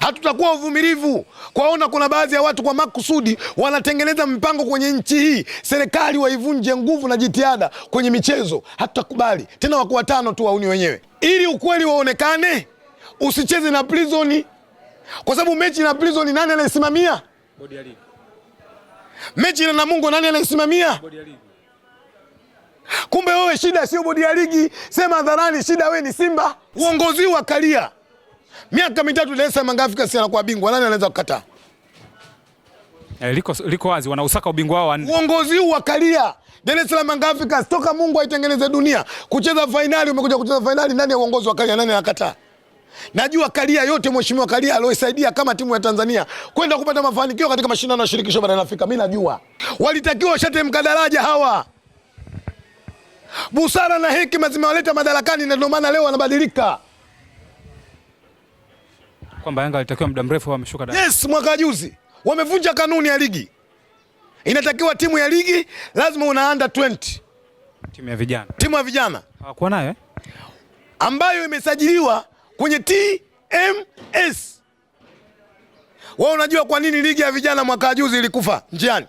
hatutakuwa uvumilivu kwaona kuna baadhi ya watu kwa makusudi wanatengeneza mpango kwenye nchi hii, serikali waivunje nguvu na jitihada kwenye michezo. Hatutakubali tena, wako watano tu wauni wenyewe, ili ukweli waonekane. Usicheze na prizoni kwa sababu mechi na prizoni nani anaisimamia? Bodi ya ligi. Mechi na Namungo nani anaisimamia? Bodi ya ligi. Kumbe wewe shida sio bodi ya ligi, sema hadharani, shida wewe ni Simba, uongozi wa kalia miaka mitatu Dar es Salaam Yanga Afrika si anakuwa bingwa, nani anaweza kukataa? Eh, liko, liko wazi wanausaka ubingwa wao wanne. Uongozi huu wakalia Karia Dar es Salaam Yanga Africa toka Mungu aitengeneze dunia kucheza fainali, umekuja kucheza fainali nani ya uongozi wa Karia, nani anakataa? Najua kalia yote, mheshimiwa kalia aliyosaidia kama timu ya Tanzania kwenda kupata mafanikio katika mashindano ya shirikisho barani Afrika, mimi najua walitakiwa washatemka mkadaraja hawa. Busara na hekima zimewaleta madarakani na ndio maana leo wanabadilika kwamba Yanga alitakiwa muda mrefu wameshuka daraja. Yes, mwaka juzi wamevunja kanuni ya ligi. Inatakiwa timu ya ligi lazima una under 20. Timu ya vijana. Timu ya vijana. Hawakuwa nayo eh? Ambayo imesajiliwa kwenye TMS. Wewe unajua kwa nini ligi ya vijana mwaka juzi ilikufa njiani?